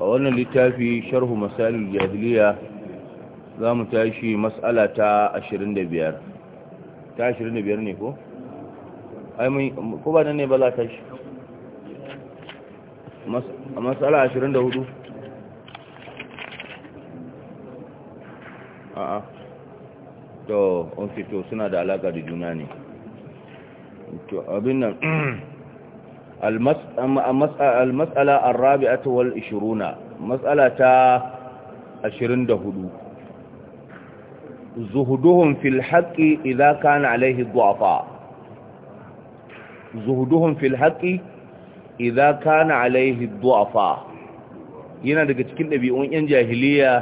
a wannan littafi sharhu masalin jahiliya za mu tashi mas'ala ta 25 ta 25 ne ko? ai mun ko ba nan ne ba za ta shi mas'ala 24 a'a to on fito suna da alaka da juna ne to abin nan al-mas'ala ar-rabi'atu wal 20 mas'ala ta 24 zuhuduhum fil haqqi idza kana alayhi zuhuduhum fil haqqi kana alayhi du'afa yana daga cikin dabi'un yan jahiliya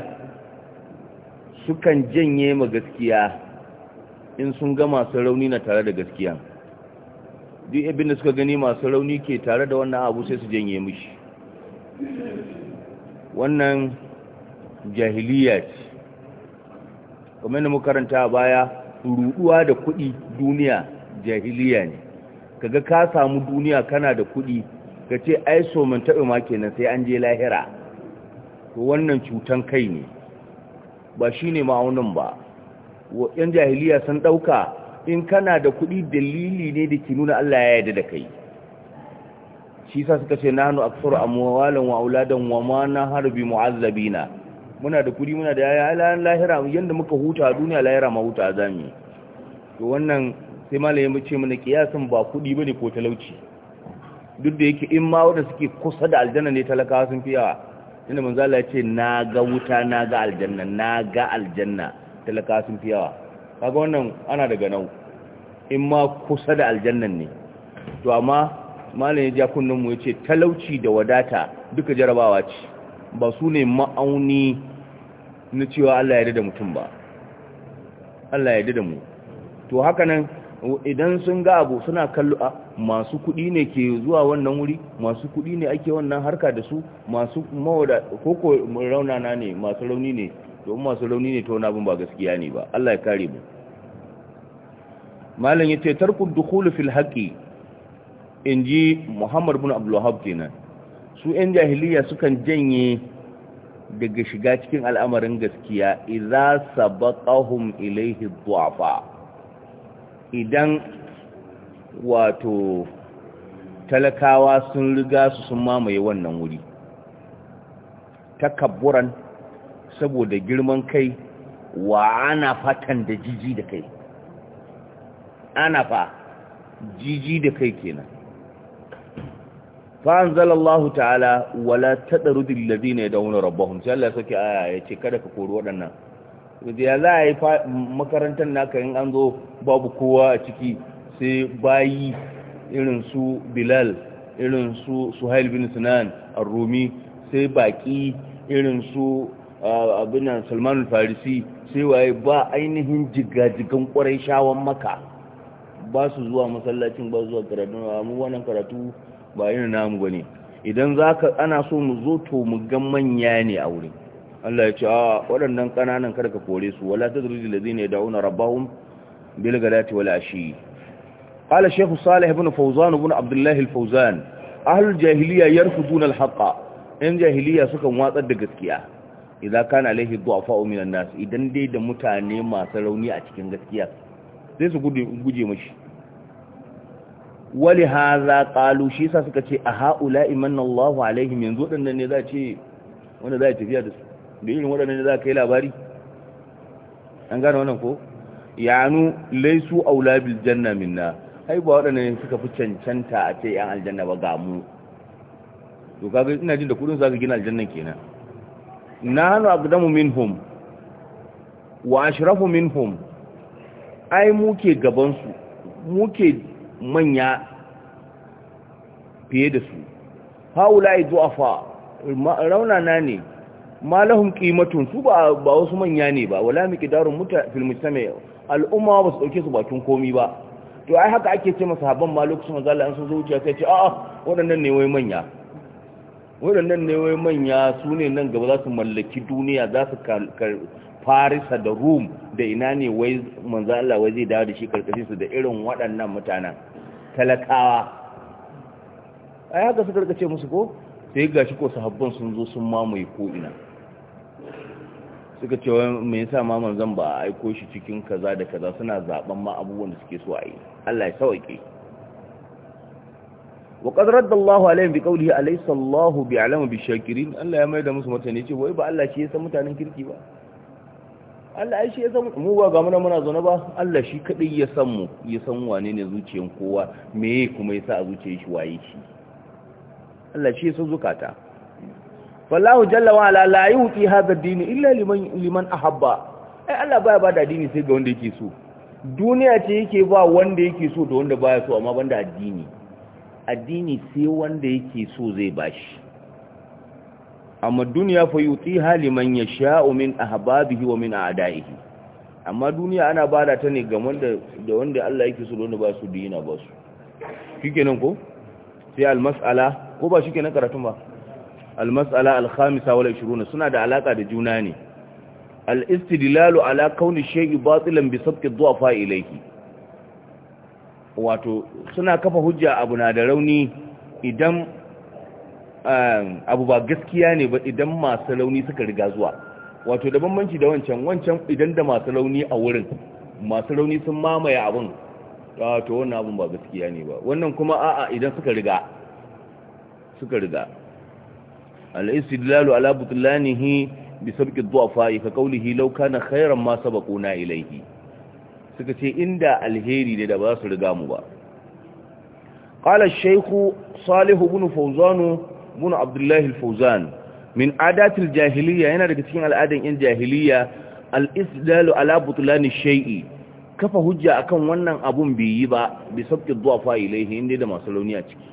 sukan janye ma gaskiya in sun gama masu rauni na tare da gaskiya duk abin da suka gani masu rauni ke tare da wannan abu sai su janye mishi wannan jahiliya ce kuma yana makaranta a baya ruduwa da kuɗi duniya jahiliya ne kaga ka samu duniya kana da kuɗi ka ce ai so man taɓa ma kenan sai an je lahira to wannan cutan kai ne ba shine ma'aunin ba yan jahiliya sun ɗauka in kana da kuɗi dalili ne da ke nuna Allah ya yarda da kai shi sa suka ce nahnu aktsaru amwalan wa auladan wa ma na harbi mu'azzabina muna da kuɗi muna da yaya lahira yanda muka huta a duniya lahira ma huta zami to wannan sai malamin ya ce mana kiyasin ba kuɗi bane ko talauci duk da yake in ma wanda suke kusa da aljanna ne talakawa sun fi yawa inda manzo Allah ya ce na ga wuta na ga aljanna na ga aljanna talakawa sun fi yawa kaga wannan ana daga nau in ma kusa da aljannan ne to amma malamin ya kunnan mu yace talauci da wadata duka jarabawa ce ba su ne ma'auni na cewa Allah ya da mutum ba Allah ya da mu to haka nan idan sun ga abu suna kallo a masu kuɗi ne ke zuwa wannan wuri masu kuɗi ne ake wannan harka da su masu mawada koko raunana ne masu rauni ne to masu rauni ne to wani abin ba gaskiya ne ba Allah ya kare mu malam yace tarku dukhul fil haqi inji Muhammad ibn Abdul Wahhab kenan su yan jahiliya sukan janye daga shiga cikin al'amarin gaskiya idza sabaqahum ilayhi du'afa idan wato talakawa sun riga su sun mamaye wannan wuri takabburan saboda girman kai wa ana fatan da jiji da kai Ana fa. jiji da kai kenan fa Allah ta'ala wala tadrudil ladina yad'una rabbahum sai Allah saki aya yace kada ka kori waɗannan yanzu ya za a yi makarantar naka in an zo babu kowa a ciki sai bayi irin su bilal irin su suhail bin sinan arrumi sai baki irin su abinan farisi sai waye ba ainihin jigajigan kwarai shawon maka ba su zuwa masallacin ba zuwa karatu mu wannan karatu ba yin namu bane idan zaka ana so mu zo to mu ga manya ne a wurin Allah ya ce a waɗannan ƙananan ka kore su wala tadrijul ladina yad'una rabbahum bil ghalati wal ashi shaykh salih ibn fawzan ibn abdullah al fawzan ahlul jahiliya yarfuduna al haqa in jahiliya suka watsar da gaskiya idan kana alaihi du'afa'u minan nas idan dai da mutane masu rauni a cikin gaskiya sai su guje mashi wali haza ƙalu shi yasa suka ce a haula imanna Allahu alaihim yanzu wadannan ne za ce wanda za a tafiya da su da irin waɗannan ne za ka yi labari an gane wannan ko yanu laisu aula bil janna minna ai ba waɗannan ne suka fi cancanta a ce yan aljanna ba ga mu to kaga ina jin da kudin za ka gina aljanna kenan nahnu aqdamu minhum wa ashrafu minhum ai muke gabansu muke manya fiye da su haula du'afa raunana ne malahum qimatun su ba wasu manya ne ba wala darun muta fil mujtama al'umma ba su dauke su bakin komi ba to ai haka ake ce masahaban ma lokacin manzo an su zuciya sai ce a'a waɗannan ne wai manya waɗannan ne wai manya su ne nan gaba za su mallaki duniya za su farisa da rum da ina ne wai manza Allah wai zai dawo da shi karkashin su da irin waɗannan mutanen talakawa ai haka su karkace musu ko sai gashi ko sahabban sun zo sun mamaye ko ina suka ce wai me yasa ma manzan ba a aiko shi cikin kaza da kaza suna zaben ma abubuwan da suke so a yi Allah ya sauke wa qad radda Allahu alaihim bi qawlihi alaysa Allahu alama bi shakirin Allah ya mai da musu mutane ce wai ba Allah shi ya san mutanen kirki ba Allah shi ya san mu ba ga muna muna zaune ba Allah shi kadai ya san mu ya san wane ne zuciyar kowa me kuma yasa a zuciyar shi waye shi Allah shi ya san zukata wallahu jalla wa ala la yuti hadha ad-din illa liman liman ahabba ai Allah baya bada dini sai ga wanda yake so duniya ce yake ba wanda yake so da wanda baya so amma banda addini addini sai wanda yake so zai bashi amma duniya fa yuti haliman yasha'u min ahbabihi wa min a'da'ihi amma duniya ana bada ta ne ga wanda da wanda Allah yake so don ba su dina ba su shikenan ko sai al-mas'ala ko ba shikenan karatun ba al-mas'ala al-khamisa wal 20 suna da alaka da juna ne al-istidlalu ala kauni shay'i batilan bi sabqi dhu'afa ilayhi wato suna kafa hujja abu na da rauni idan um, abu ba gaskiya ne ba idan masu rauni suka riga zuwa wato da bambanci da wancan wancan idan da masu rauni a wurin masu rauni sun mamaye abin wato ah, wannan abin ba gaskiya ne ba wannan kuma a'a idan suka riga suka riga al-istidlalu ala butlanihi bisabkin zuwa fa'i ka kaulihi lauka na khairan masu sabaquna ilaihi. suka ce inda alheri ne da ba su riga mu ba qala shaykhu salih ibn fawzan ibn abdullah al-fawzan min adat al-jahiliya yana daga cikin al'adan yan jahiliya al-isdalu ala butlan shay'i kafa hujja akan wannan abun bai yi ba bi sabqi duwafa ilayhi inda da masu launi a ciki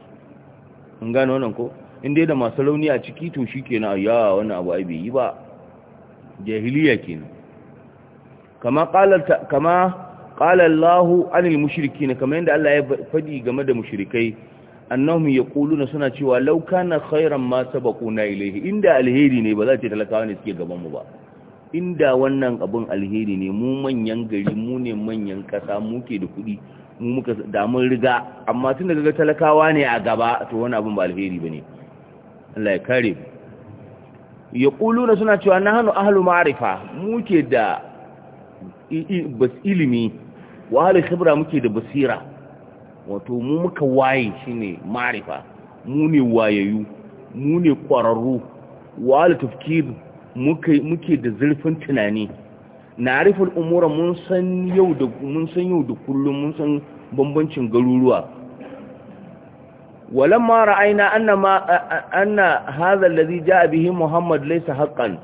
in gano wannan ko inda da masu launi a ciki to shikenan ya wannan abu ai bai yi ba jahiliya kenan kama qala kama qala Allahu anil mushrikin kamar yadda Allah ya fadi game da mushrikai annahum yaquluna suna cewa law kana khayran ma sabaquna ilayhi inda alheri ne ba za ta talakawa ne suke gaban mu ba inda wannan abun alheri ne mu manyan gari mu ne manyan kasa muke da kuɗi mu muka mun riga amma tun daga talakawa ne a gaba to wani abun ba alheri bane ne Allah ya kare yaquluna suna cewa na hannu marifa mu muke da ilimi wa halin muke da basira wato mu muka waye shine marifa mu ne wayayu mu ne kwararru wa tafkir muke da zurfin tunani na rufin umura mun san yau da kullum mun san bambancin garuruwa walamma ra'ayna annama anna hadha alladhi ja'a bihi muhammad laysa haqqan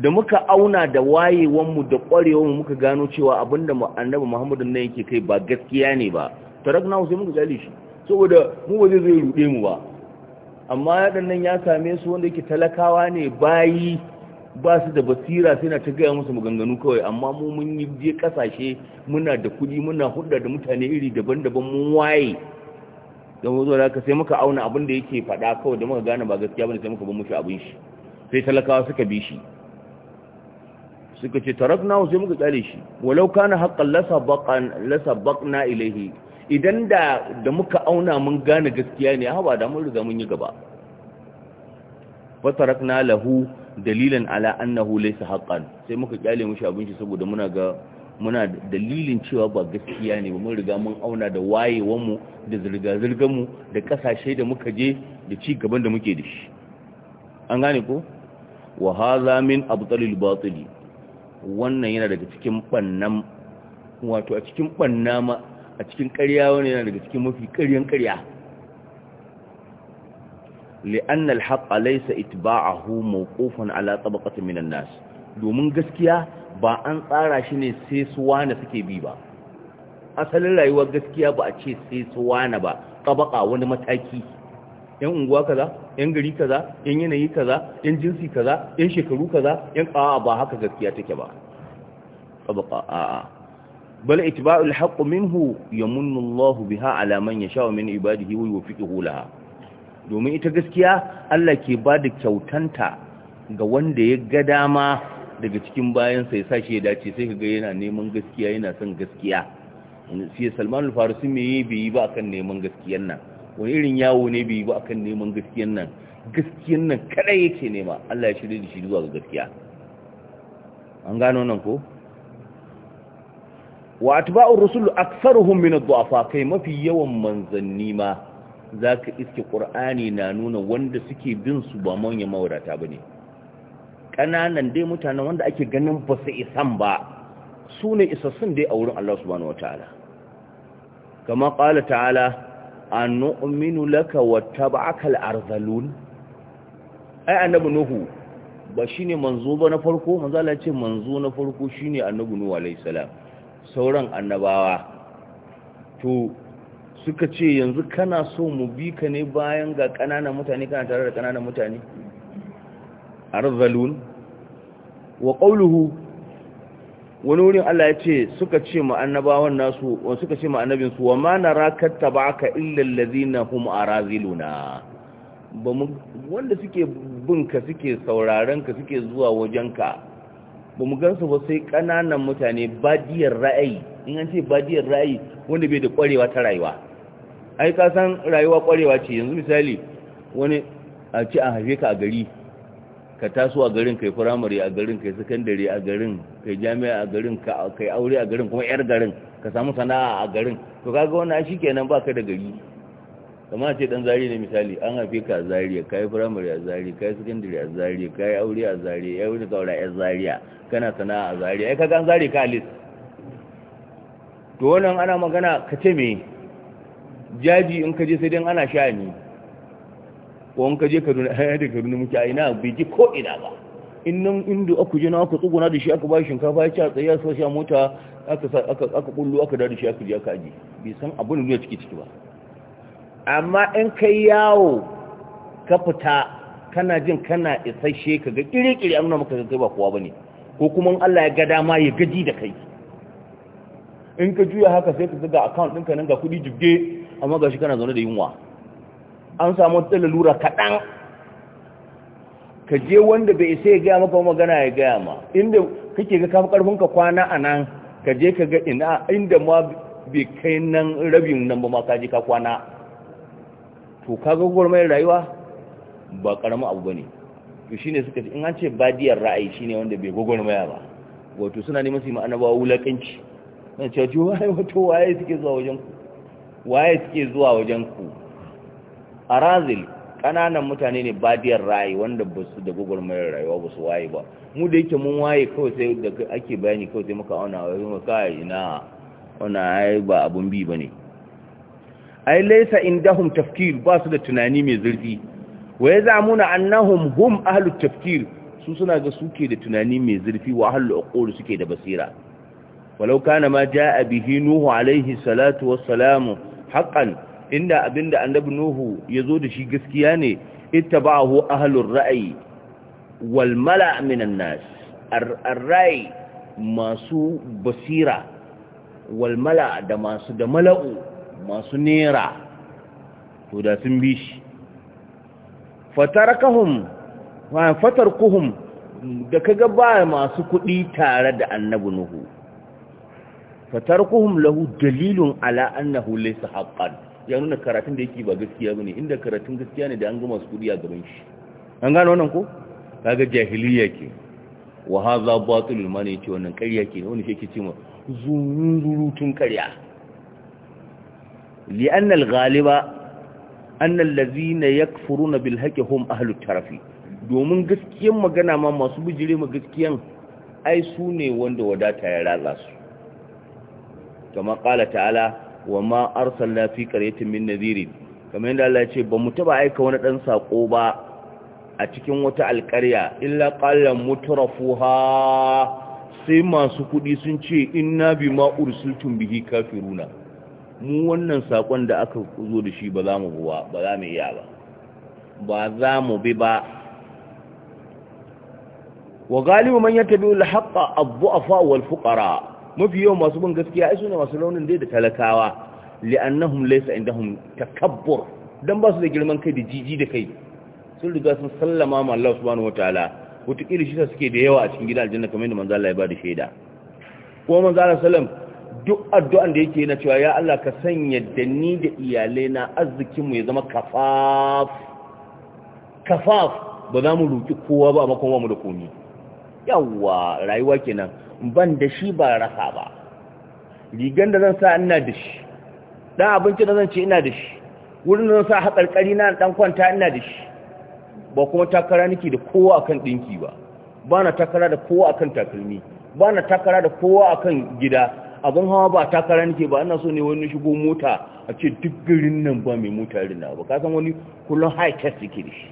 da muka auna da wayewanmu da ƙwarewanmu muka gano cewa abinda annabi muhammadu na yake kai ba gaskiya ne ba tarakna sai muka gali shi saboda mu ba zai zai mu ba amma nan ya same su wanda yake talakawa ne bayi ba su da basira sai na ta gaya musu maganganu kawai amma mu mun yi je kasashe muna da kuɗi muna hudda da mutane iri daban-daban mun waye da mu zo da sai muka auna abin da yake faɗa kawai da muka gane ba gaskiya bane sai muka bar mushi abin shi sai talakawa suka bi shi suka ce tarak na sai muka tsare shi walau kana haqqan na ilaihi idan da muka auna mun gane gaskiya ne haɓa da mun riga mun yi gaba fatarak na lahu dalilan ala annahu laisa haƙƙan sai muka kyale mushi abinci shi saboda muna ga muna dalilin cewa ba gaskiya ne ba mun riga mun auna da wayewan mu da zirga zirgar mu da kasashe da muka je da ci gaban da muke da shi an gane ko wa hadha min abtalil batili wannan yana daga cikin bannan wato a cikin banna ma a cikin ƙarya wani yana daga cikin mafi ƙaryan ƙarya li'anna al-haqq laysa itba'uhu mawqufan ala tabaqatin minan nas domin gaskiya ba an tsara shi ne sai su wane suke bi ba asalin rayuwar gaskiya ba a ce sai su ba tabaqa wani mataki yan unguwa kaza yan gari kaza yan yanayi kaza yan jinsi kaza yan shekaru kaza yan a'a ba haka gaskiya take ba tabqa a'a bal itba'ul haqq minhu yamunnu Allahu biha ala man yasha'u min ibadihi wa yuwaffiquhu laha domin ita gaskiya Allah ke ba da kyautanta ga wanda ya ga dama daga cikin bayansa ya sashi ya dace sai kaga yana neman gaskiya yana son gaskiya sai Salman al-Farisi mai yi bi ba kan neman gaskiyan nan wani irin yawo ne bai ba akan neman gaskiyan nan gaskiyan nan kada yake nema Allah ya shirye da shi zuwa ga gaskiya an gano nan ko wa atba'u rusul aktharuhum min ad-du'afa kai mafi yawan manzanni ma zaka iske qur'ani na nuna wanda suke bin su ba manya mawadata bane kananan dai mutanen wanda ake ganin ba su isan ba su isassun dai a wurin Allah subhanahu wataala kama qala ta'ala an nu'minu laka wattaba'akal arzalun ai annabi nuhu ba shine manzo ba na farko manzo Allah ce manzo na farko shine annabi nuhu alayhi salam sauran annabawa to suka ce yanzu kana so mu bi ka ne bayan ga kananan mutane kana tare da kananan mutane arzalun wa qawluhu wani wurin Allah ya ce suka ce ma annabawan nasu wa suka ce ma annabin su wa ma naraka tabaka illa allazina hum araziluna ba mu wanda suke bin ka suke sauraron suke zuwa wajenka ba mu gansu ba sai kananan mutane badiyar ra'ayi in an ce badiyar ra'ayi wanda bai da kwarewa ta rayuwa ai ka san rayuwa kwarewa ce yanzu misali wani a ce a haife ka a gari ka taso a garin kai firamare a garin kai sakandare a garin kai jami'a a garin kai aure a garin kuma yar garin ka samu sana'a a garin to kaga wannan shi kenan baka da gari kamar ce dan zari ne misali an haife ka a zariya kai firamare a zariya kai sakandare a zariya kai aure a zariya ya wuce kaura a zariya kana sana'a a zariya ai kaga an zari ka alis to wannan ana magana ka ce me jaji in ka je sai dan ana sha wani ka je kaduna ya da kaduna muke a ina bai ji ko ina ba in nan inda aka je na aka tsuguna da shi aka bashi shinkafa ya ci a tsaye a shi mota aka kullu aka dada shi aka je aka aji bai san abin da ciki ciki ba amma in kai yawo ka fita kana jin kana isasshe ka ga kirikiri an amina maka kai ba kowa ba ne ko kuma Allah ya ga dama ya gaji da kai in ka juya haka sai ka ga account ɗinka nan ga kuɗi jibge amma ga shi kana zaune da yunwa an samu ta lalura kaɗan ka je wanda bai isa ya gaya maka magana ya gaya ma inda kake ga kafa karfin ka kwana a nan ka je ka ga ina inda ma bai kai nan rabin nan ba ma ka je ka kwana to ka ga gwarmayar rayuwa ba ƙaramin abu ba ne. to shi ne suka ce in an ce badiyar ra'ayi shi ne wanda bai gwagwarmaya ba wato suna neman su yi ma'anabawa wulakanci na ce wato wato waye suke zuwa wajen ku waye suke zuwa wajen ku arazil ƙananan mutane ne badiyar rayi wanda ba su da mai rayuwa ba su waye ba mu da yake mun waye kawai sai da ake bayani kawai sai muka auna wai mu kai ina ona ai ba abun bi bane ai laysa indahum tafkir ba su da tunani mai zurfi wa yazamuna annahum hum ahlut tafkir su suna ga suke da tunani mai zurfi wa ahlul suke da basira walau kana ma jaa bihi nuhu alaihi salatu wassalamu haqqan inda abinda annabi nuhu ya zo da shi gaskiya ne ittaba'ahu ahlur ra'ayi wal mala' minan nas ar-ra'i masu basira wal mala' da masu da mala'u masu nera to da sun bi shi fatarakahum wa fatarkuhum da kaga ba masu kuɗi tare da annabi nuhu fatarkuhum lahu dalilun ala annahu laysa haqqan ya nuna karatun da yake ba gaskiya bane inda karatun gaskiya ne da an gama su kudiya gaban shi an gano wannan ko kaga jahiliya ke wa hadha batil ma ne ce wannan ƙarya ke wani shi yake ce ma zurutun ƙarya li anna al-ghaliba anna allazina yakfuruna bil haqqi hum ahlut tarfi domin gaskiyan magana ma masu bijire ma gaskiyan ai su ne wanda wadata ya ratsa su kama ƙala ta'ala wa ma la fi qaryatin min nadhirin kamar yadda Allah ya ce ba mu taba aika wani dan sako ba a cikin wata alƙarya illa qallan mutrafuha sai masu kudi sun ce inna bima ursiltum bihi kafiruna mu wannan sakon da aka zo da shi ba za mu buwa ba za mu iya ba ba za mu bi ba wa galibu man yattabi'u al-haqqa abu duafa wal fuqara mafi yawan masu bin gaskiya ai sune masu launin dai da talakawa li'annahum laysa indahum takabbur dan ba su da girman kai da jiji da kai sun riga sun sallama ma Allah subhanahu wataala wataƙila shi suke da yawa a cikin gidan aljanna kamar yadda manzo Allah ya ba shaida kuma manzo Allah sallam duk addu'an da yake na cewa ya Allah ka sanya da ni da iyalai na arzikin mu ya zama kafaf kafaf ba za mu roki kowa ba makon ba mu da komi yawa rayuwa kenan ban da shi ba rasa ba rigan da zan sa ina da shi dan abinci da zan ci ina da shi wurin da zan sa hakarkari na dan kwanta ina da shi ba kuma takara nake da kowa akan dinki ba ba na takara da kowa akan takalmi ba takara da kowa akan gida Abun hawa ba takara nake ba ina so ne wani shigo mota a ce duk garin nan ba mai mota na ba Ka san wani kullum high test yake da shi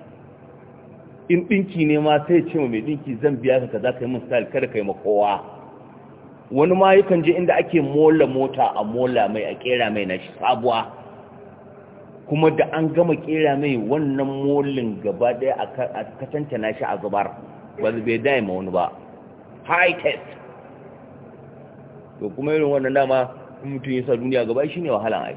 in dinki ne ma sai ce mai dinki zan biya ka kaza kai mun style kada kai ma kowa wani ma yakan je inda ake mola mota a mola mai a kera mai na sabuwa kuma da an gama kera mai wannan molin gaba daya a katanta na shi a zubar ba bai daya ma wani ba high test to kuma irin wannan dama in mutum yi sa duniya gaba shi ne wahalan ai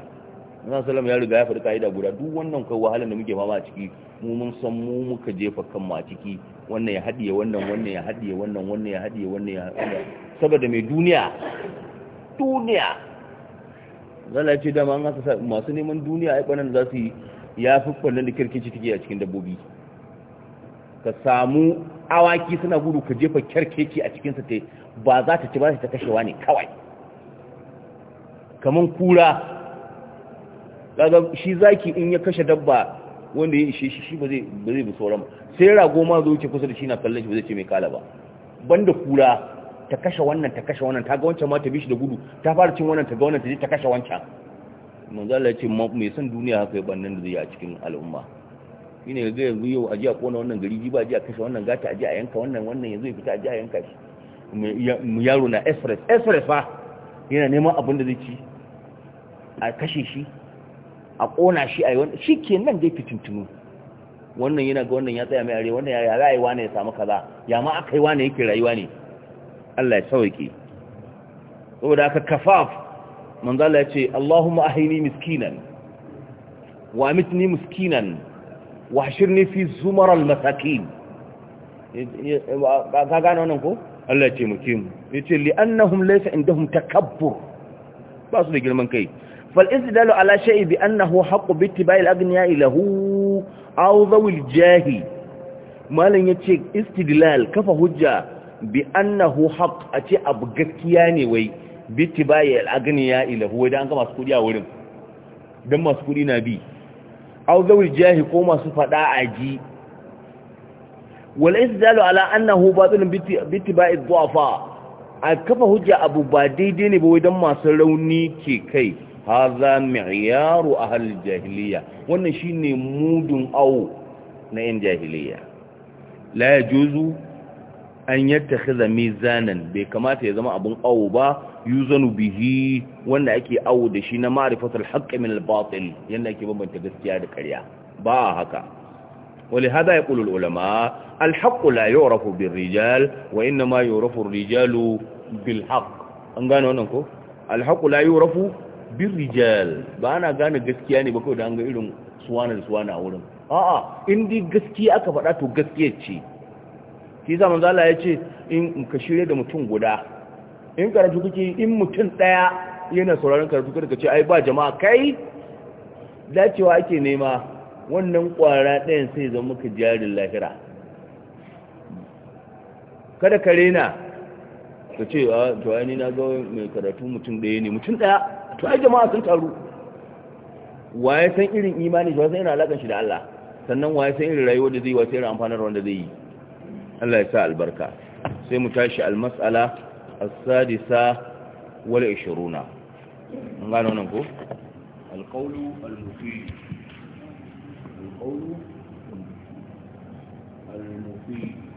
na salam ya riga ya faɗi ka'ida guda duk wannan kai wahala da muke fama a ciki mu mun san mu muka jefa kan a ciki wannan ya haɗiye wannan wannan ya haɗiye wannan wannan ya haɗiye wannan ya haɗiye saboda mai duniya duniya zala ce dama an haka masu neman duniya ai ɓanan za su yi ya fi ɓannan da kirkici take a cikin dabbobi ka samu awaki suna gudu ka jefa kyarkeci a cikinsa ta ba za ta ci ba ta kashewa ne kawai kamar kura Daga shi zaki in ya kashe dabba wanda ya ishe shi shi ba zai ba zai bi sauran sai rago ma zo yake kusa da shi na kallon shi ba zai ce mai kala ba banda kura ta kashe wannan ta kashe wannan ta ga wancan ma ta bi shi da gudu ta fara cin wannan ta ga wannan ta je ta kashe wancan manzo Allah ya ce mai san duniya haka ya bannan da zai a cikin al'umma shine ga yanzu yau aji a kona wannan gari ji ba aji a kashe wannan gata aji a yanka wannan wannan yanzu ya fita aji a yanka shi mu yaro na express express fa yana neman abin da zai ci a kashe shi a ƙona shi a yi wani shi ke nan dai fitintunu wannan yana ga wannan ya tsaya mai are wannan ya rayuwa ne ya samu kaza ya ma aka yi wane yake rayuwa ne Allah ya sauke saboda aka kafaf manzala ya ce Allahumma ahini miskinan wa amitni miskinan wa hashirni fi zumar al-masakin ka gane wannan ko Allah ya ce mukim ce li annahum laysa indahum takabbur ba su da girman kai فالاستدلال على شيء بأنه حق باتباع الأغنياء له أو ذوي الجاه ما لن يتشك استدلال كفى هجة بأنه حق أتي أبغكياني وي باتباع الأغنياء له وإذا أنك مسكولي أولم دم مسكولي نبي أو ذوي الجاه كوما سفداء عجي والاستدلال على أنه باطل باتباع الضعفاء كفى هجة أبو باديدين بويدن ما سلوني كي كي haza a ahal jahiliya wannan shine mudun au na yan jahiliya la yajuzu an yattakhidha mizanan bai kamata ya zama abin au ba yuzanu bihi wanda ake au da shi na ma'rifatul haqqi min al-batil yanda ake bambanta gaskiya da karya. ba haka ولهذا يقول العلماء الحق لا يعرف بالرجال وإنما يعرف الرجال بالحق أنقانوا أنكو الحق لا يعرف bin rijal ba ana gane gaskiya ne ba kawai da an ga irin suwana da suwana a wurin a'a in gaskiya aka faɗa to gaskiya ce shi sa manzo ya ce in ka shirya da mutum guda in karatu kuke in mutum ɗaya yana sauraron karatu kada ce ai ba jama'a kai dacewa ake nema wannan kwara ɗayan sai zama muka jarin lahira kada ka rena ka ce a ah, to na ga mai karatu mutum ɗaya ne mutum ɗaya to ai jama'a sun taru waye san irin imani shi wasan irin alakan shi da Allah sannan waye san irin rayuwar da zai wace irin amfanar wanda zai yi Allah ya sa albarka sai mu tashi almas'ala as-sadisa wal 20 an gano nan ko alqawlu al-mufid alqawlu al-mufid